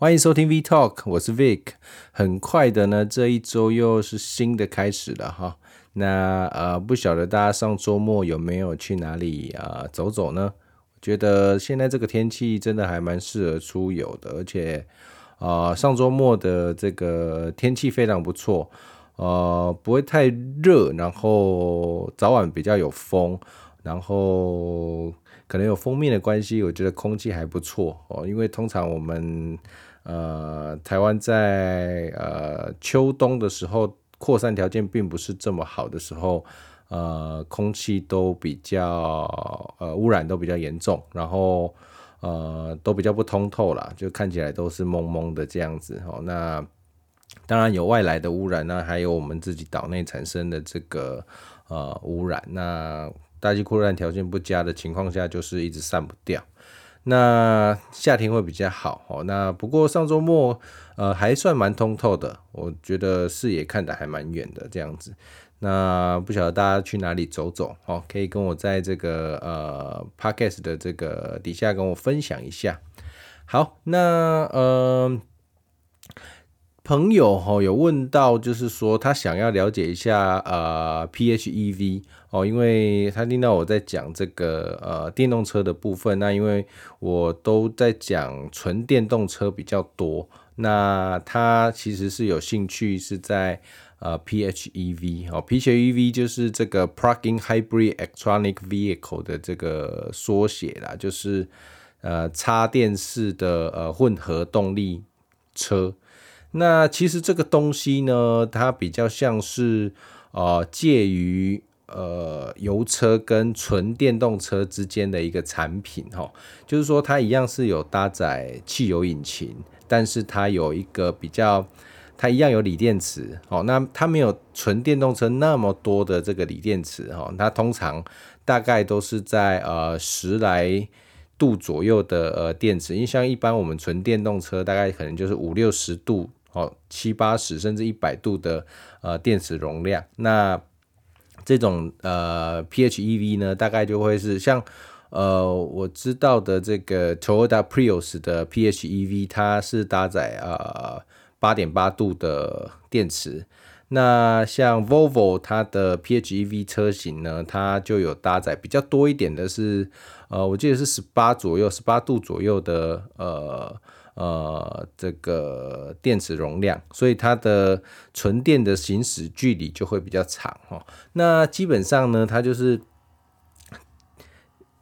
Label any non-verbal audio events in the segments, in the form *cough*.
歡迎收聽 V Talk，我是 Vic。很快的呢，這一周又是新的開始了哈。那呃，不曉得大家上周末有沒有去哪裡啊、呃、走走呢？我覺得現在這個天氣真的還蠻適合出遊的，而且啊、呃，上周末的這個天氣非常不錯，呃，不會太熱，然後早晚比較有風，然後可能有鋒面的關係，我覺得空氣還不錯哦，因為通常我們。呃，台灣在呃秋冬的時候擴散條件並不是這麼好的時候，呃，空氣都比較呃污染都比較嚴重，然後呃都比較不通透啦，就看起來都是濛濛的這樣子。哦，那當然有外來的污染呢，那還有我們自己島內產生的這個呃污染。那大氣擴散條件不佳的情況下，就是一直散不掉。那夏天會比較好哦。那不過上周末，呃，還算蠻通透的，我覺得視野看得還蠻遠的這樣子。那不曉得大家去哪裡走走哦，可以跟我在這個呃 podcast 的這個底下跟我分享一下。好，那嗯。呃朋友哈、哦、有問到，就是說他想要了解一下呃 PHEV 哦，因為他聽到我在講這個呃電動車的部分，那因為我都在講純電動車比較多，那他其實是有興趣是在呃 PHEV 哦，PHEV 就是這個 Plug-in Hybrid Electric Vehicle 的這個縮寫啦，就是呃插電式的呃混合動力車。那其實這個東西呢，它比較像是呃介於呃油車跟純電動車之間的一個產品哈、哦，就是說它一樣是有搭載汽油引擎，但是它有一個比較，它一樣有鋰電池哦，那它沒有純電動車那麼多的這個鋰電池哈、哦，它通常大概都是在呃十來度左右的呃電池，因為像一般我們純電動車大概可能就是五六十度。哦，七八十甚至一百度的呃電池容量，那這種呃 PHEV 呢，大概就會是像呃我知道的這個 Toyota Prius 的 PHEV，它是搭載呃八點八度的電池。那像 Volvo 它的 PHEV 車型呢，它就有搭載比較多一點的是呃我記得是十八左右十八度左右的呃。呃，這個電池容量，所以它的純電的行駛距離就會比較長哦。那基本上呢，它就是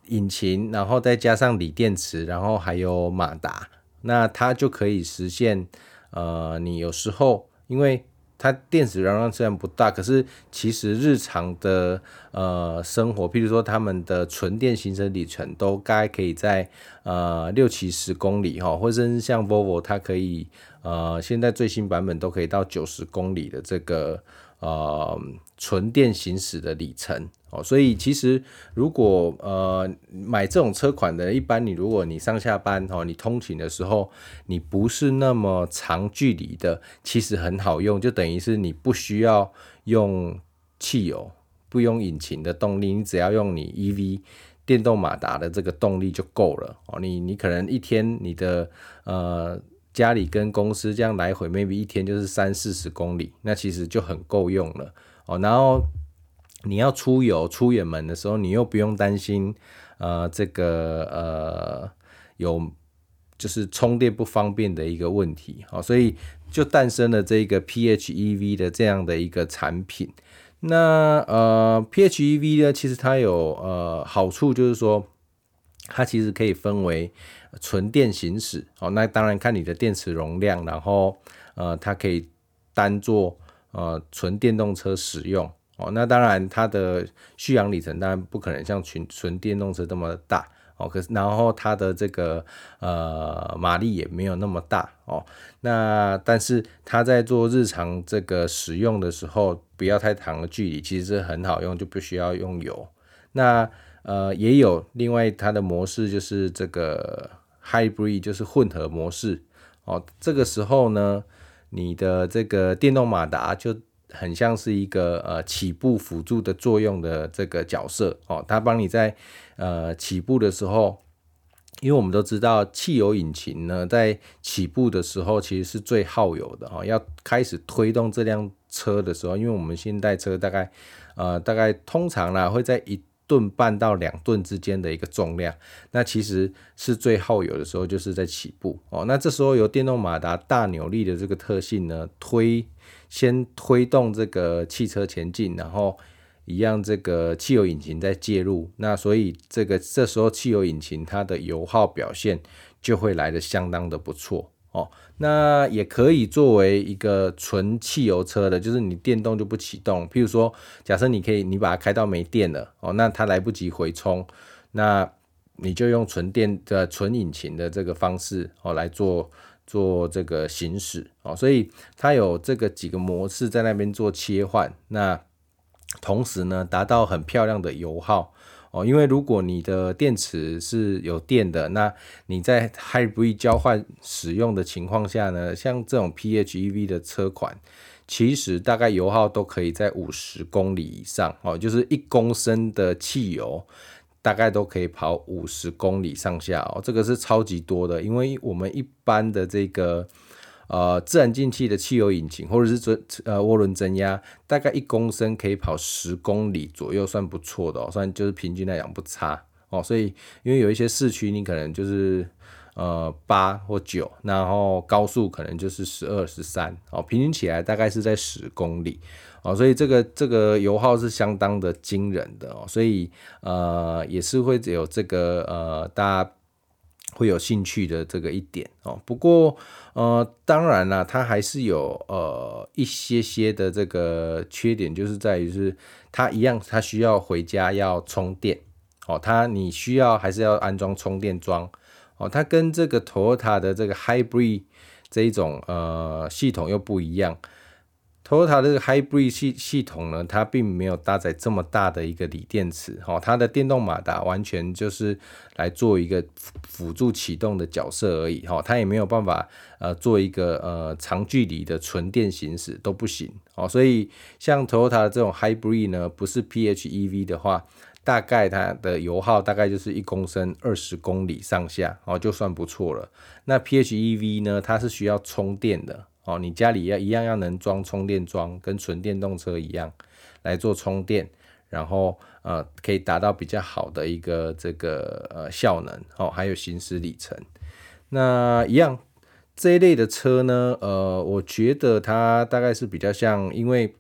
引擎，然後再加上鋰電池，然後還有馬達，那它就可以實現呃，你有時候因為。它電池容量雖然不大，可是其實日常的呃生活，譬如說他們的純電行駛里程都大概可以在呃六七十公里哈，或者是像 Volvo 它可以呃現在最新版本都可以到九十公里的這個。呃，純電行駛的里程哦，所以其實如果呃買這種車款的，一般你如果你上下班，哦，你通勤的時候，你不是那麼長距離的，其實很好用，就等於是你不需要用汽油，不用引擎的動力，你只要用你 EV 電動馬達的這個動力就夠了哦。你你可能一天你的呃。家裡跟公司這樣來回，maybe 一天就是三四十公里，那其實就很夠用了哦。然後你要出遊、出遠門的時候，你又不用擔心，呃，這個呃有就是充電不方便的一個問題哦。所以就誕生了這個 PHEV 的這樣的一個產品。那呃，PHEV 呢，其實它有呃好處，就是說它其實可以分為。純電行駛哦，那當然看你的電池容量，然後呃，它可以當做呃純電動車使用哦。那當然它的續航里程當然不可能像純純電動車這麼大哦，可是然後它的這個呃馬力也沒有那麼大哦。那但是它在做日常這個使用的時候，不要太長的距離，其實是很好用，就不需要用油。那呃也有另外它的模式就是這個。Hybrid 就是混合模式哦，這個時候呢，你的這個電動馬達就很像是一個呃起步輔助的作用的這個角色哦，它幫你在呃起步的時候，因為我們都知道汽油引擎呢在起步的時候其實是最耗油的哦，要開始推動這輛車的時候，因為我們現代車大概呃大概通常呢會在一噸半到兩噸之間的一個重量，那其實是最耗油的時候，就是在起步哦。那這時候由電動馬達大扭力的這個特性呢，推先推動這個汽車前進，然後一樣這個汽油引擎在介入，那所以這個這時候汽油引擎它的油耗表現就會來得相當的不錯。哦，那也可以作為一個純汽油車的，就是你電動就不啟動。譬如說，假設你可以，你把它開到沒電了，哦，那它來不及回充，那你就用純電的純引擎的這個方式，哦，來做做這個行駛，哦，所以它有這個幾個模式在那邊做切換，那同時呢，達到很漂亮的油耗。哦，因為如果你的電池是有電的，那你在 Hybrid 交換使用的情況下呢，像這種 PHEV 的車款，其實大概油耗都可以在五十公里以上哦，就是一公升的汽油大概都可以跑五十公里上下哦，這個是超級多的，因為我們一般的這個。呃，自然進氣的汽油引擎，或者是增呃渦輪增壓，大概一公升可以跑十公里左右，算不錯的哦，算就是平均來講不差哦。所以，因為有一些市區，你可能就是呃八或九，然後高速可能就是十二、十三哦，平均起來大概是在十公里哦。所以這個這個油耗是相當的驚人的哦，所以呃也是會有這個呃大會有興趣的這個一點哦，不過呃，當然啦，它還是有呃一些些的這個缺點，就是在於是它一樣，它需要回家要充電哦，它你需要還是要安裝充電樁哦，它跟這個 Toyota 的這個 Hybrid 這一種呃系統又不一樣。Toyota 這個 Hybrid 系系統呢，它並沒有搭載這麼大的一個鋰電池，哈，它的電動馬達完全就是來做一個輔助啟動的角色而已，哈，它也沒有辦法呃做一個呃長距離的純電行駛都不行，哦，所以像 Toyota 的這種 Hybrid 呢，不是 PHEV 的話，大概它的油耗大概就是一公升二十公里上下，哦，就算不錯了。那 PHEV 呢，它是需要充電的。哦，你家裡要一樣要能裝充電樁，跟純電動車一樣來做充電，然後呃可以達到比較好的一個這個呃效能，哦，還有行駛里程。那一樣這一類的車呢，呃，我覺得它大概是比較像，因為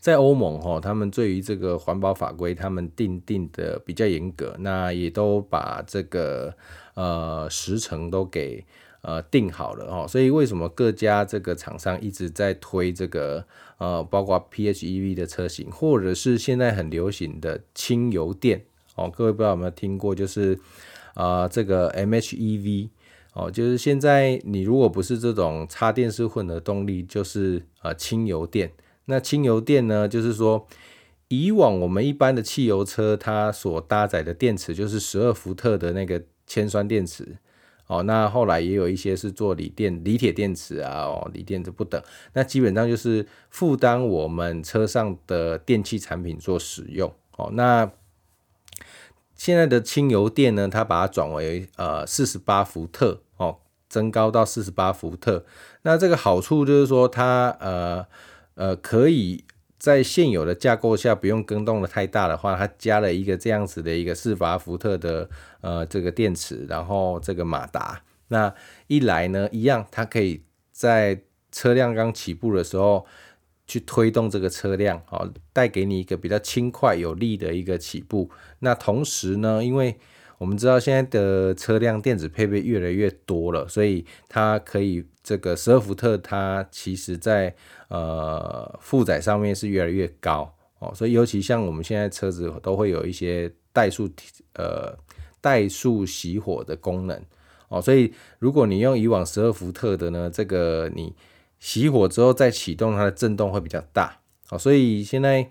在歐盟哈、哦，他們對於這個環保法規，他們定定的比較嚴格，那也都把這個呃時程都給。呃，定好了哦，所以為什麼各家這個廠商一直在推這個呃，包括 PHEV 的車型，或者是現在很流行的輕油電哦，各位不知道有沒有聽過，就是啊、呃，這個 MHEV 哦，就是現在你如果不是這種插電式混合動力，就是呃輕油電。那輕油電呢，就是說以往我們一般的汽油車它所搭載的電池就是十二伏特的那個鉛酸電池。哦，那後來也有一些是做鋰電、鋰鐵電池啊，哦，鋰電池不等，那基本上就是負擔我們車上的電器產品做使用。哦，那現在的輕油電呢，它把它轉為呃四十八伏特，哦，增高到四十八伏特，那這個好處就是說它呃呃可以。在現有的架構下，不用更動的太大的話，它加了一個這樣子的一個四十八伏特的呃這個電池，然後這個馬達，那一來呢，一樣它可以在車輛剛起步的時候去推動這個車輛，哦，帶給你一個比較輕快有力的一個起步。那同時呢，因為我們知道現在的車輛電子配備越來越多了，所以它可以這個十二伏特，它其實在呃負載上面是越來越高哦，所以尤其像我們現在車子都會有一些怠速呃怠速熄火的功能哦，所以如果你用以往十二伏特的呢，這個你熄火之後再啟動，它的震動會比較大哦，所以現在。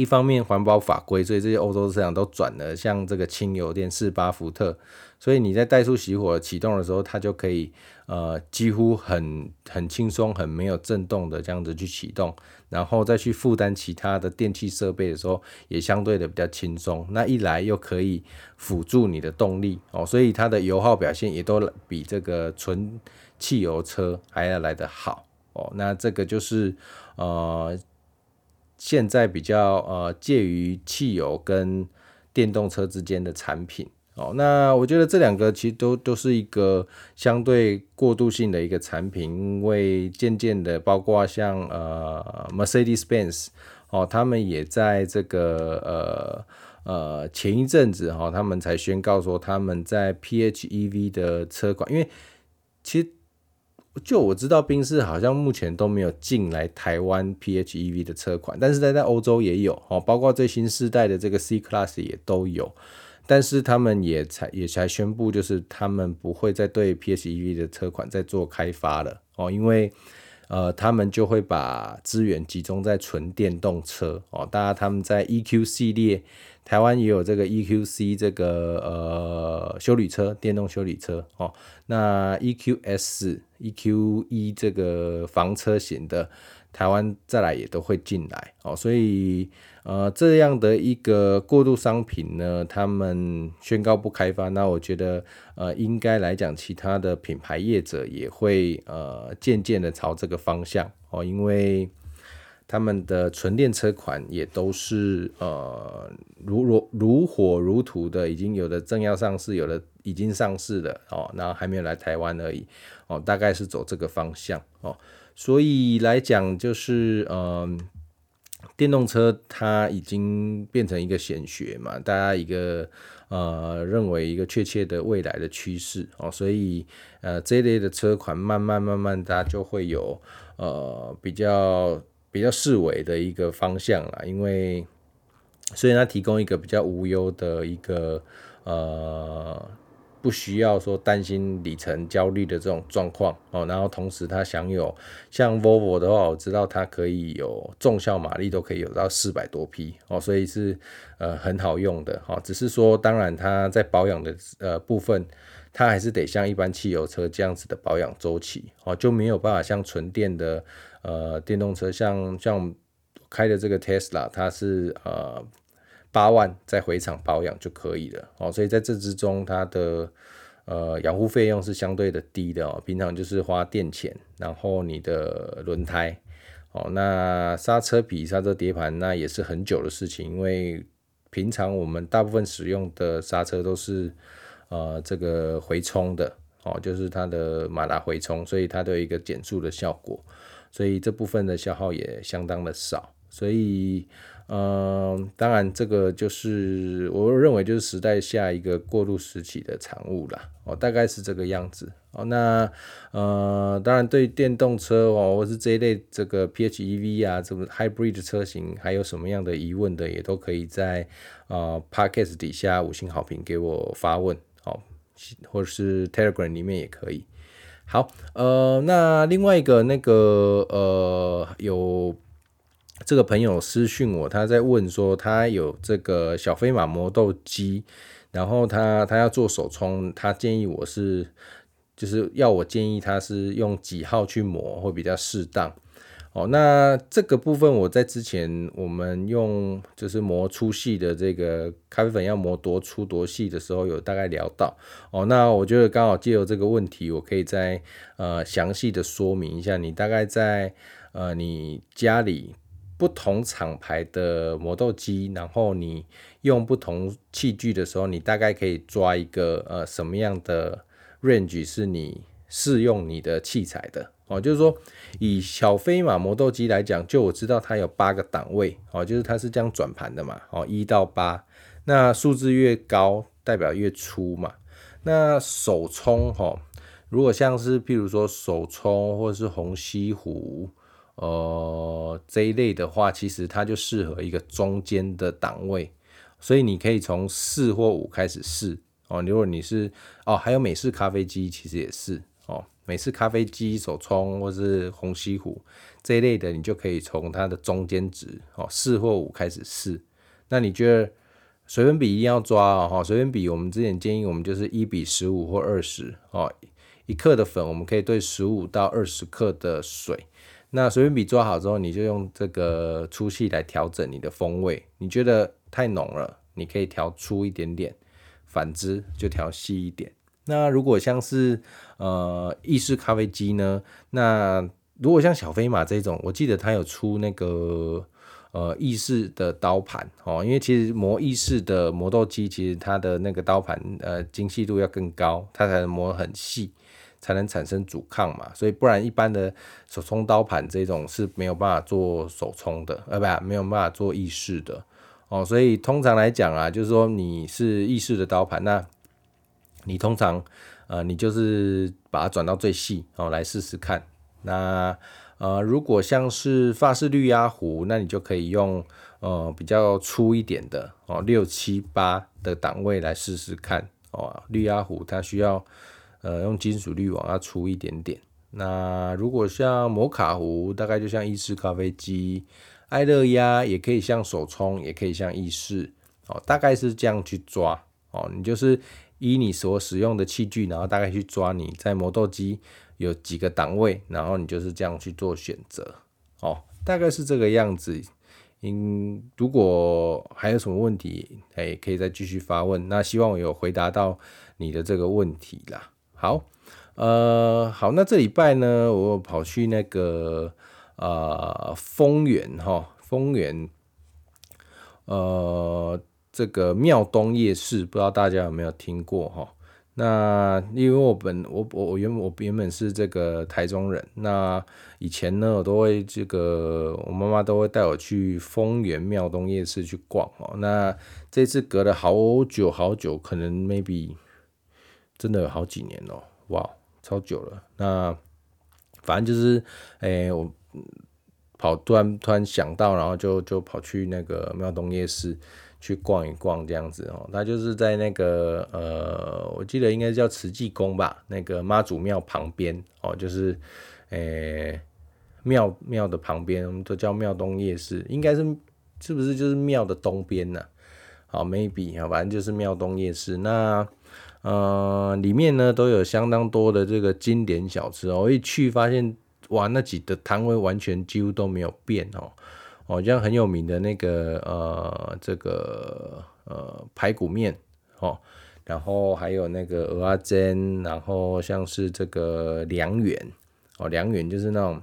一方面環保法規，所以這些歐洲市場都轉了，像這個輕油電48伏特，所以你在怠速熄火啟動的時候，它就可以呃幾乎很很輕鬆、很沒有震動的這樣子去啟動，然後再去負擔其他的電器設備的時候，也相對的比較輕鬆。那一來又可以輔助你的動力哦，所以它的油耗表現也都比這個純汽油車還要來得好哦。那這個就是呃。現在比較呃介於汽油跟電動車之間的產品哦，那我覺得這兩個其實都都是一個相對過渡性的一個產品，因為漸漸的，包括像呃 Mercedes-Benz 哦，他們也在這個呃呃前一陣子哈、哦，他們才宣告說他們在 PHEV 的車款，因為其實。就我知道，賓士好像目前都沒有進來台灣 PHEV 的車款，但是在歐洲也有哦，包括最新世代的這個 C Class 也都有，但是他們也才也才宣布，就是他們不會再對 PHEV 的車款再做開發了哦，因為呃，他們就會把資源集中在純電動車哦，大家他們在 EQ 系列。台灣也有這個 EQC 這個呃休旅車電動休旅車哦，那 EQS、EQE 這個房車型的，台灣再來也都會進來哦，所以呃這樣的一個過渡商品呢，他們宣告不開發，那我覺得呃應該來講，其他的品牌業者也會呃漸漸的朝這個方向哦，因為。他們的純電車款也都是呃如若如火如荼的，已經有的正要上市，有的已經上市了哦，然後還沒有來台灣而已哦，大概是走這個方向哦，所以來講就是嗯、呃，電動車它已經變成一個顯學嘛，大家一個呃認為一個確切的未來的趨勢哦，所以呃這一類的車款慢慢慢慢，它就會有呃比較。比較市尾的一個方向啦，因為雖然它提供一個比較無憂的一個呃，不需要說擔心里程焦慮的這種狀況哦，然後同時它享有像 Volvo 的話，我知道它可以有重效馬力都可以有到四百多匹哦、喔，所以是呃很好用的哦、喔。只是說，當然它在保養的呃部分，它還是得像一般汽油車這樣子的保養周期哦、喔，就沒有辦法像純電的。呃，電動車像，像我們開的這個 Tesla，它是呃八萬再回廠保養就可以了哦。所以在這之中，它的呃養護費用是相對的低的哦。平常就是花電錢，然後你的輪胎哦，那剎車皮、剎車碟盤那也是很久的事情，因為平常我們大部分使用的剎車都是呃這個回充的哦，就是它的馬達回充，所以它都有一個減速的效果。所以這部分的消耗也相當的少，所以，嗯，當然這個就是我認為就是時代下一個過渡時期的產物啦，哦，大概是這個樣子。哦，那，呃、嗯，當然對電動車哦，或是這一類這個 PHEV 啊，這種 Hybrid 車型，還有什麼樣的疑問的，也都可以在呃 Podcast 底下五星好評給我發問，哦，或者是 Telegram 裡面也可以。好，呃，那另外一個那個，呃，有這個朋友私訊我，他在問說他有這個小飛馬磨豆機，然後他他要做手沖，他建議我是就是要我建議他是用幾號去磨會比較適當。哦，那這個部分我在之前我們用就是磨粗細的這個咖啡粉要磨多粗多細的時候，有大概聊到。哦，那我覺得剛好借由這個問題，我可以再呃詳細的說明一下，你大概在呃你家裡不同廠牌的磨豆機，然後你用不同器具的時候，你大概可以抓一個呃什麼樣的 range 是你適用你的器材的。哦，就是說以小飛馬磨豆機來講，就我知道它有八個檔位，哦，就是它是這樣轉盤的嘛，哦，一到八，那數字越高代表越粗嘛，那手沖哈、哦，如果像是譬如說手沖或者是虹吸壺，呃，這一類的話，其實它就適合一個中間的檔位，所以你可以從四或五開始試，哦，如果你是哦，還有美式咖啡機其實也是。每次咖啡機、手沖或是虹吸壺這一類的，你就可以從它的中間值哦四或五開始試。那你覺得水粉比一定要抓哦，水粉比我們之前建議我們就是一比十五或二十哦，一克的粉我們可以兌十五到二十克的水。那水粉比抓好之後，你就用這個粗細來調整你的風味。你覺得太濃了，你可以調粗一點點；反之就調細一點。那如果像是呃意式咖啡機呢？那如果像小飛馬這種，我記得它有出那個呃意式的刀盤哦，因為其實磨意式的磨豆機，其實它的那個刀盤呃精細度要更高，它才能磨得很細，才能產生阻抗嘛。所以不然一般的手沖刀盤這種是沒有辦法做手沖的，呃、啊、不，沒有辦法做意式的哦。所以通常來講啊，就是說你是意式的刀盤那。你通常，啊、呃，你就是把它轉到最細哦，來試試看。那呃，如果像是法式濾壓壺，那你就可以用呃比較粗一點的哦，六七八的檔位來試試看哦。濾壓壺它需要呃用金屬濾網，要粗一點點。那如果像摩卡壺，大概就像意式咖啡機，愛樂壓也可以像手沖，也可以像意式，哦，大概是這樣去抓哦。你就是。依你所使用的器具，然後大概去抓你在磨豆機有幾個檔位，然後你就是這樣去做選擇哦，大概是這個樣子。嗯，如果還有什麼問題，哎、欸，可以再繼續發問。那希望我有回答到你的這個問題啦。好，呃，好，那這禮拜呢，我跑去那個呃豐原哈，豐原，呃。這個廟東夜市，不知道大家有沒有聽過哈？那因為我本我我我原本我原本是這個台中人，那以前呢，我都會這個我媽媽都會帶我去豐原廟東夜市去逛哦。那這次隔了好久好久，可能 maybe 真的有好幾年嘍，哇、wow，超久了。那反正就是誒、欸，我跑突然突然想到，然後就就跑去那個廟東夜市。去逛一逛這樣子哦，它就是在那個呃，我記得應該叫慈濟宮吧，那個媽祖廟旁邊哦，就是誒廟廟的旁邊，我們都叫廟東夜市，應該是是不是就是廟的東邊呢？好，maybe 啊，反正就是廟東夜市。那呃裡面呢，都有相當多的這個經典小吃哦，我一去發現哇，那幾的攤位完全幾乎都沒有變哦。哦，像很有名的那個呃，這個呃排骨面哦，然後還有那個蚵仔煎，然後像是這個涼圓哦，涼圓就是那種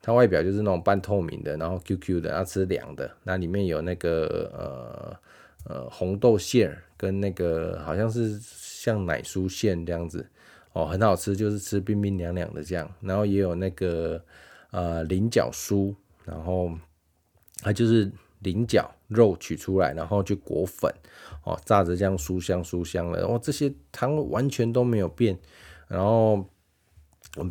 它外表就是那種半透明的，然後 QQ 的，它吃涼的，那裡面有那個呃呃紅豆餡跟那個好像是像奶酥餡這樣子哦，很好吃，就是吃冰冰涼涼的這樣，然後也有那個呃菱角酥，然後。它就是菱角肉取出來，然後去裹粉，哦，炸着這樣酥香酥香的。哇，這些湯完全都沒有變。然後我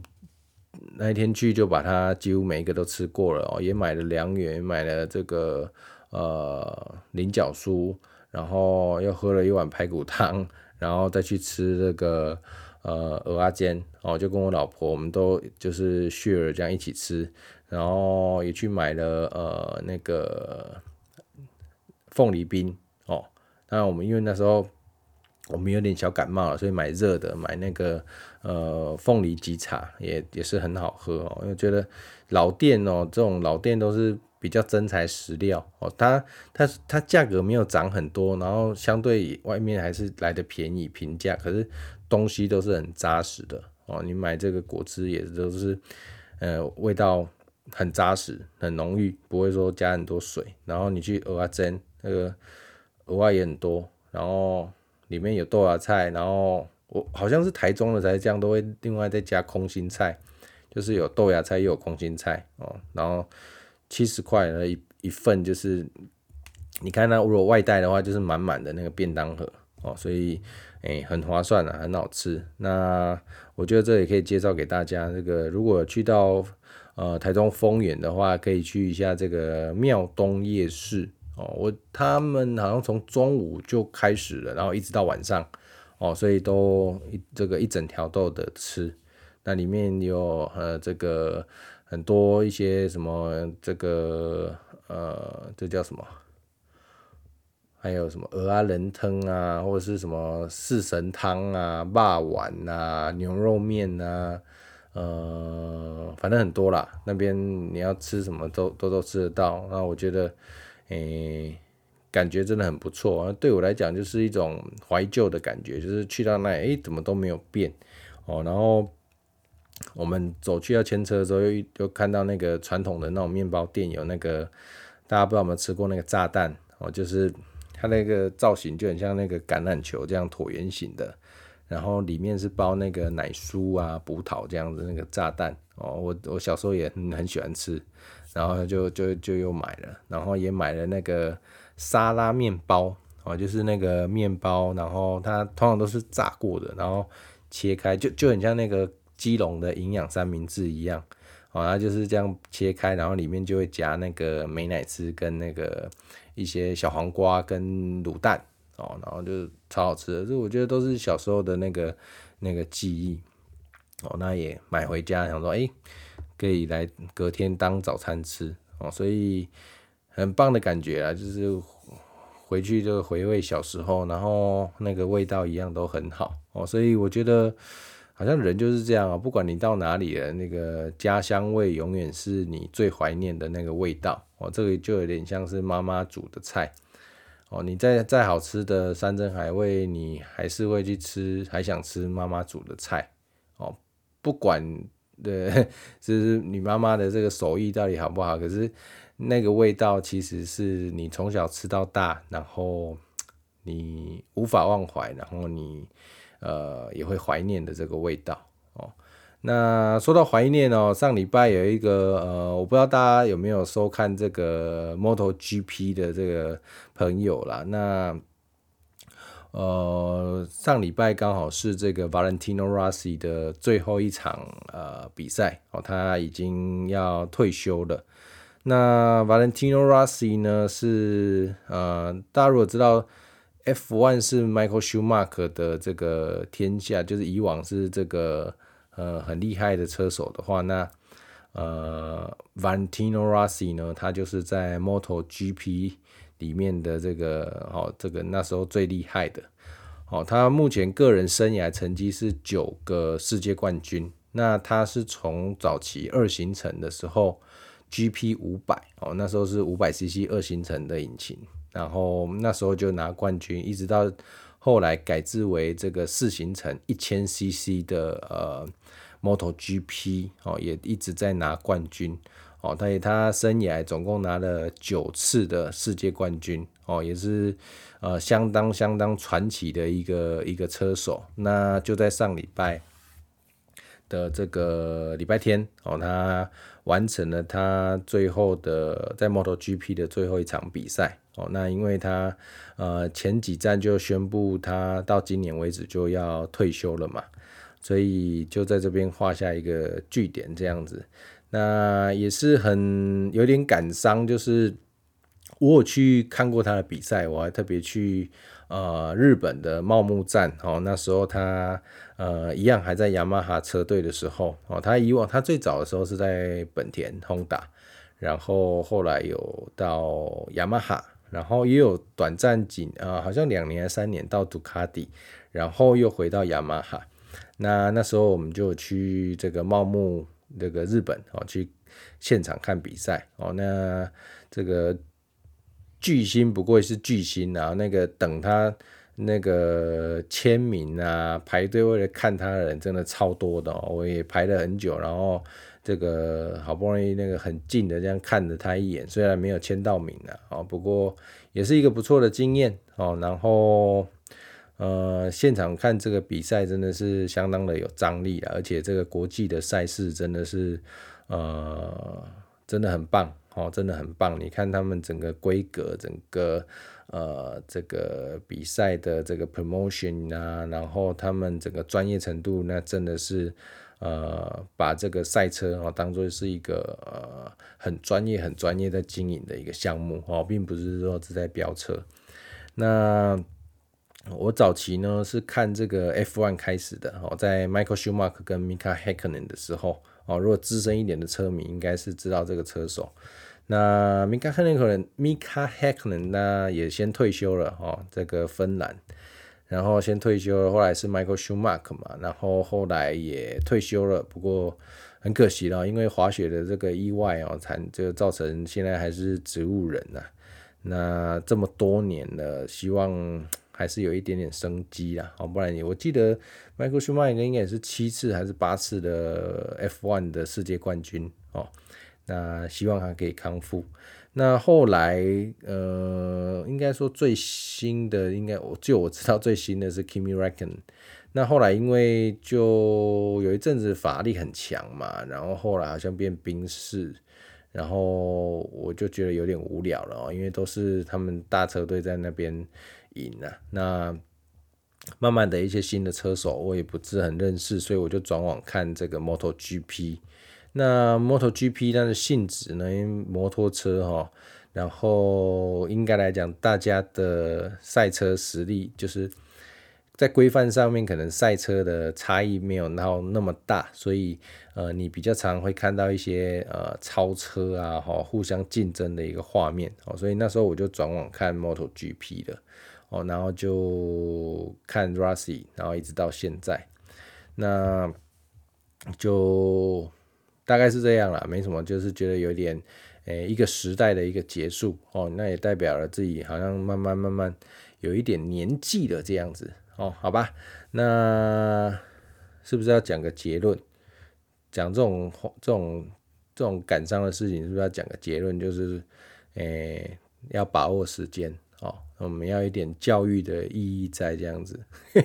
那一天去就把它幾乎每一個都吃過了。哦，也買了涼圓，買了這個呃菱角酥，然後又喝了一碗排骨湯，然後再去吃這個。呃，蚵仔煎哦、喔，就跟我老婆，我們都就是 share 這樣一起吃，然後也去買了呃那個鳳梨冰哦、喔。那我們因為那時候我們有點小感冒，所以買熱的，買那個呃鳳梨雞茶也也是很好喝哦、喔。因為覺得老店哦、喔，這種老店都是比較真材實料哦、喔，它它它價格沒有漲很多，然後相對外面還是來的便宜平價，可是。東西都是很扎實的哦，你買這個果汁也都、就是，呃，味道很扎實、很濃郁，不會說加很多水。然後你去蚵仔煎，那、這個蚵仔也很多。然後裡面有豆芽菜，然後我好像是台中的才這樣都會另外再加空心菜，就是有豆芽菜又有空心菜哦。然後七十塊呢一一份，就是你看那如果外帶的話，就是滿滿的那個便當盒。哦，所以，哎、欸，很划算啊，很好吃。那我覺得這也可以介紹給大家。這個如果去到呃台中豐原的話，可以去一下這個廟東夜市。哦，我他們好像從中午就開始了，然後一直到晚上。哦，所以都這個一整條都得吃。那裡面有呃這個很多一些什麼這個呃這叫什麼？還有什麼鵝啊、人湯啊，或者是什麼四神湯啊、霸碗啊、牛肉麵啊，呃，反正很多啦。那邊你要吃什麼都，都都都吃得到。那我覺得，誒、欸，感覺真的很不錯、啊。對我來講，就是一種懷舊的感覺，就是去到那裡，誒、欸，怎麼都沒有變哦。然後我們走去要牽車的時候又，又又看到那個傳統的那種麵包店，有那個大家不知道有沒有吃過那個炸彈哦，就是。它那個造型，就很像那個橄欖球這樣橢圓形的，然後裡面是包那個奶酥啊、葡萄這樣子，那個炸彈哦、喔。我我小時候也很很喜歡吃，然後就就就又買了，然後也買了那個沙拉麵包哦、喔，就是那個麵包，然後它通常都是炸過的，然後切開就就很像那個基隆的營養三明治一樣啊、喔，它就是這樣切開，然後裡面就會夾那個美乃滋跟那個。一些小黃瓜跟滷蛋喔，然後就超好吃的，這我覺得都是小時候的那個那個記憶喔。那也買回家，想說欸，可以來隔天當早餐吃喔，所以很棒的感覺啊，就是回去就回味小時候，然後那個味道一樣都很好喔。所以我覺得好像人就是這樣啊，不管你到哪裡了，那個家鄉味永遠是你最懷念的那個味道。哦，這個就有點像是媽媽煮的菜哦。你再再好吃的山珍海味，你還是會去吃，還想吃媽媽煮的菜哦。不管的，就是，是你媽媽的這個手藝到底好不好，可是那個味道其實是你從小吃到大，然後你無法忘懷，然後你呃也會懷念的這個味道。那說到懷念哦，上禮拜有一個呃，我不知道大家有沒有收看這個 MotoGP 的這個朋友啦。那呃，上禮拜剛好是這個 Valentino Rossi 的最後一場呃比賽哦，他已經要退休了。那 Valentino Rossi 呢是呃，大家如果知道 F1 是 Michael Schumacher 的這個天下，就是以往是這個。呃，很厲害的車手的話，那呃，Valentino Rossi 呢，他就是在 MotoGP 裡面的這個哦，這個那時候最厲害的。哦，他目前個人生涯成績是九個世界冠軍。那他是從早期二行程的時候 GP 五百哦，那時候是五百 CC 二行程的引擎，然後那時候就拿冠軍，一直到。後來改制為這個四行程一千 CC 的呃 MotoGP 哦，也一直在拿冠軍哦。他也他生涯總共拿了九次的世界冠軍哦，也是呃相當相當傳奇的一個一個車手。那就在上禮拜的這個禮拜天哦，他完成了他最後的在 MotoGP 的最後一場比賽。哦，那因為他，呃，前幾站就宣布他到今年為止就要退休了嘛，所以就在這邊畫下一個句點這樣子。那也是很有點感傷，就是我有去看過他的比賽，我還特別去，呃，日本的茂木站哦，那時候他，呃，一樣還在雅馬哈車隊的時候哦，他以往他最早的時候是在本田、Honda，然後後來有到雅馬哈。然後也有短暫幾啊、呃，好像兩年還是三年，到杜卡迪，然後又回到雅馬哈。那那時候我們就去這個茂木，那個日本哦，去現場看比賽哦。那這個巨星不過也是巨星啊，然後那個等他那個簽名啊，排隊為了看他的人真的超多的，我也排了很久，然後。這個好不容易那個很近的這樣看了他一眼，雖然沒有簽到名了、啊、哦，不過也是一個不錯的經驗哦。然後呃，現場看這個比賽真的是相當的有張力了，而且這個國際的賽事真的是呃真的很棒哦，真的很棒。你看他們整個規格，整個呃這個比賽的這個 promotion 啊，然後他們整個專業程度那真的是。呃，把這個賽車啊、哦、當做是一個呃很專業、很專業在經營的一個項目哦，並不是說是在飆車。那我早期呢是看這個 F1 開始的哦，在 Michael Schumacher 跟 Mika Hakkinen 的時候哦，如果資深一點的車迷應該是知道這個車手。那 Mika Hakkinen，Mika Hakkinen 呢也先退休了哦，這個芬蘭。然後先退休了，後來是 Michael Schumacher 嘛，然後後來也退休了，不過很可惜了，因為滑雪的這個意外哦，才這個造成現在還是植物人吶、啊。那這麼多年了，希望還是有一點點生機啦，哦，不然我記得 Michael Schumacher 應該也是七次還是八次的 F1 的世界冠軍哦，那希望還可以康復。那後來，呃，應該說最新的應，應該我就我知道最新的是 Kimi Raikkonen。那後來因為就有一陣子法力很強嘛，然後後來好像變賓士，然後我就覺得有點無聊了喔，因為都是他們大車隊在那邊贏了。那慢慢的一些新的車手，我也不是很認識，所以我就轉網看這個 MotoGP。那 MotoGP 它的性質呢？因為摩托車哈，然後應該來講，大家的賽車實力就是在規範上面，可能賽車的差異沒有那麼那麼大，所以呃，你比較常會看到一些呃超車啊，哈，互相競爭的一個畫面哦。所以那時候我就轉往看 MotoGP 的哦，然後就看 Rossi，然後一直到現在，那就。大概是這樣啦，沒什麼，就是覺得有點，誒、欸，一個時代的一個結束哦，那也代表了自己好像慢慢慢慢有一點年紀的這樣子哦。好吧，那是不是要講個結論？講這種這種這種感傷的事情，是不是要講個結論？就是誒、欸，要把握時間哦，我們要有一點教育的意義在這樣子。 *laughs*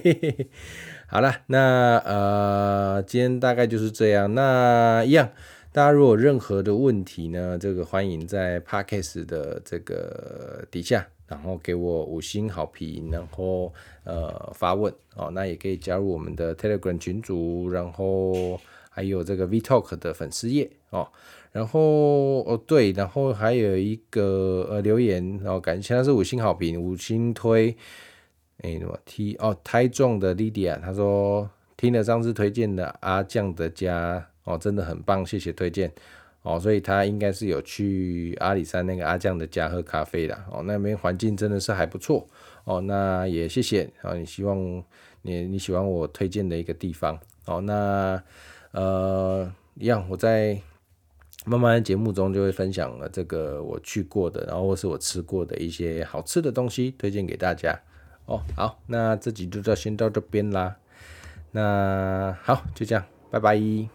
好了，那呃，今天大概就是這樣。那一樣，大家如果有任何的問題呢，這個歡迎在 podcast 的這個底下，然後給我五星好評，然後呃發問哦。那也可以加入我們的 Telegram 群組，然後還有這個 V Talk 的粉絲頁哦。然後哦對，然後還有一個呃留言，然後哦，感謝，那是五星好評，五星推。誒、欸，那麼踢哦，台中的莉迪亞，她說聽了上次推薦的阿醬的家哦，真的很棒，謝謝推薦哦。所以他應該是有去阿里山那個阿醬的家喝咖啡的。哦。那邊環境真的是還不錯哦。那也謝謝啊、哦，你希望你你喜歡我推薦的一個地方哦。那呃，一樣我在慢慢的節目中就會分享了這個我去過的，然後或是我吃過的一些好吃的東西，推薦給大家。哦，好，那這集就先到這邊啦。那好，就這樣，拜拜。